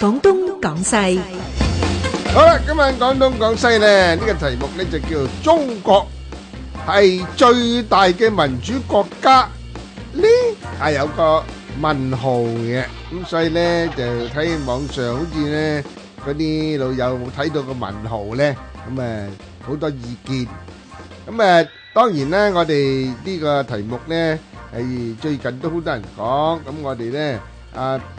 講東講西。